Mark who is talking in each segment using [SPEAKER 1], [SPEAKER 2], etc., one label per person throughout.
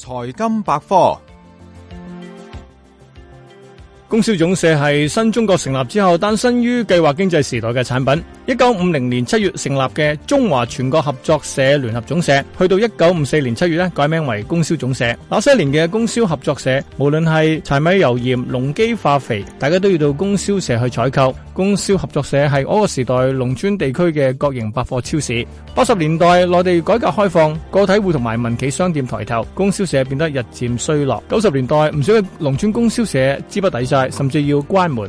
[SPEAKER 1] 財金百科，供銷總社係新中國成立之後誕生於計劃經濟時代嘅產品。1950年7月成立嘅中華全國合作社聯合總社，去到1954年7月改名為供銷總社。那些年嘅供銷合作社，無論係柴米油鹽、農機化肥，大家都要到供銷社去採購。供銷合作社係嗰個時代農村地區嘅國營百貨超市。80年代，內地改革開放，個體戶同埋民企商店抬頭，供銷社變得日漸衰落。90年代，唔少嘅農村供銷社資不抵債，甚至要關門。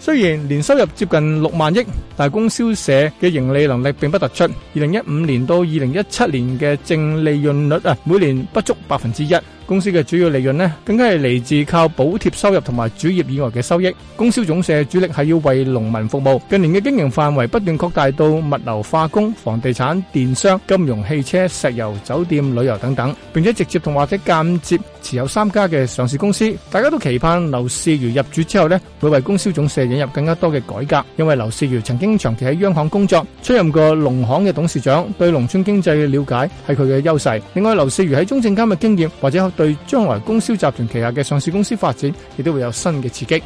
[SPEAKER 1] 雖然年收入接近六萬億，但係供銷社嘅盈利能力並不突出。二零一五年到二零一七年嘅淨利潤率啊，每年不足百分之一。公司嘅主要利潤呢更加係來自靠補貼收入同埋主業以外嘅收益。供銷總社主力係要為農民服務，近年嘅經營範圍不斷擴大，到物流、化工、房地產、電商、金融、汽車、石油、酒店、旅遊等等，並且直接同或者間接持有三家嘅上市公司。大家都期盼劉士余入主之後呢，會為供銷總社引入更加多嘅改革，因為劉士余曾經長期喺央行工作，出任過農行嘅董事長，對農村經濟嘅了解係佢嘅優勢。另外劉士余喺中證監嘅經驗或者對將來供銷集團旗下嘅上市公司發展，亦都會有新嘅刺激。